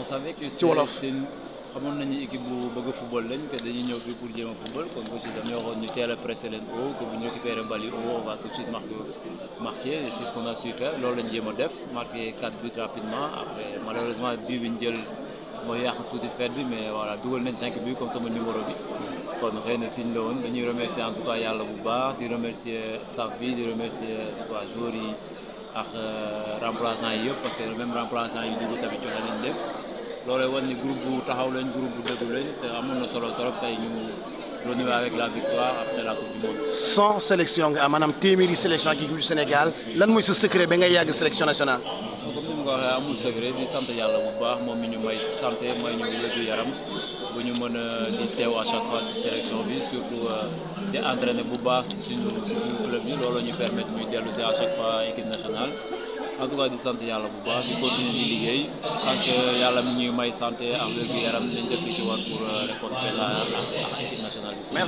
on a que ci wolof xamoon nañu équipe bu bëgg a football lañ que dañuy ñëw bi pour jéem a football kon aussi dañu waxoon ñu teel a pressé leen haut que bu ñu récupéré mbal yi haut on va tout de suite marqué marqué et c'est ce a def marqué 4 buts rapidement après malheureusement bii bi ñu jël mooy yàq tuuti fête bi mais voilà dugal nañ 5 buts comme sama numéro bi. kon xëy na siñ la woon dañuy remercier en tout cas yàlla bu baax di remercier staff bi di remercier waa joueurs yi ak euh, remplaçant yi yëpp parce que même remplaçant yi dugg tamit joxe nañ loole loolay wan ni groupe bu taxaw lañ groupe bu dëggu lañ te amoon na solo trop tey ñu renouer avec la victoire après la coupe du monde. sans sélection nga am maanaam téeméeri sélection ak équipe du Sénégal lan mooy sa secret ba ngay yàgg sélection nationale. comme ni mu ko amul secret di sant yàlla bu baax moom mu ñu may santé may ñu wér gu yaram bu ñu mën a di teew à chaque fois ci sélection bi surtout euh, di entraîner bu baax ci suñu ci suñu club ñu permettre ñuy dellu si à chaque fois équipe nationale en tout cas di sant yàlla bu baax di continuer di liggéey tant que yàlla mi ñuy may santé ak wér gu yaram nañ def li ci war pour euh, répondre présent à l'équipe nationale bi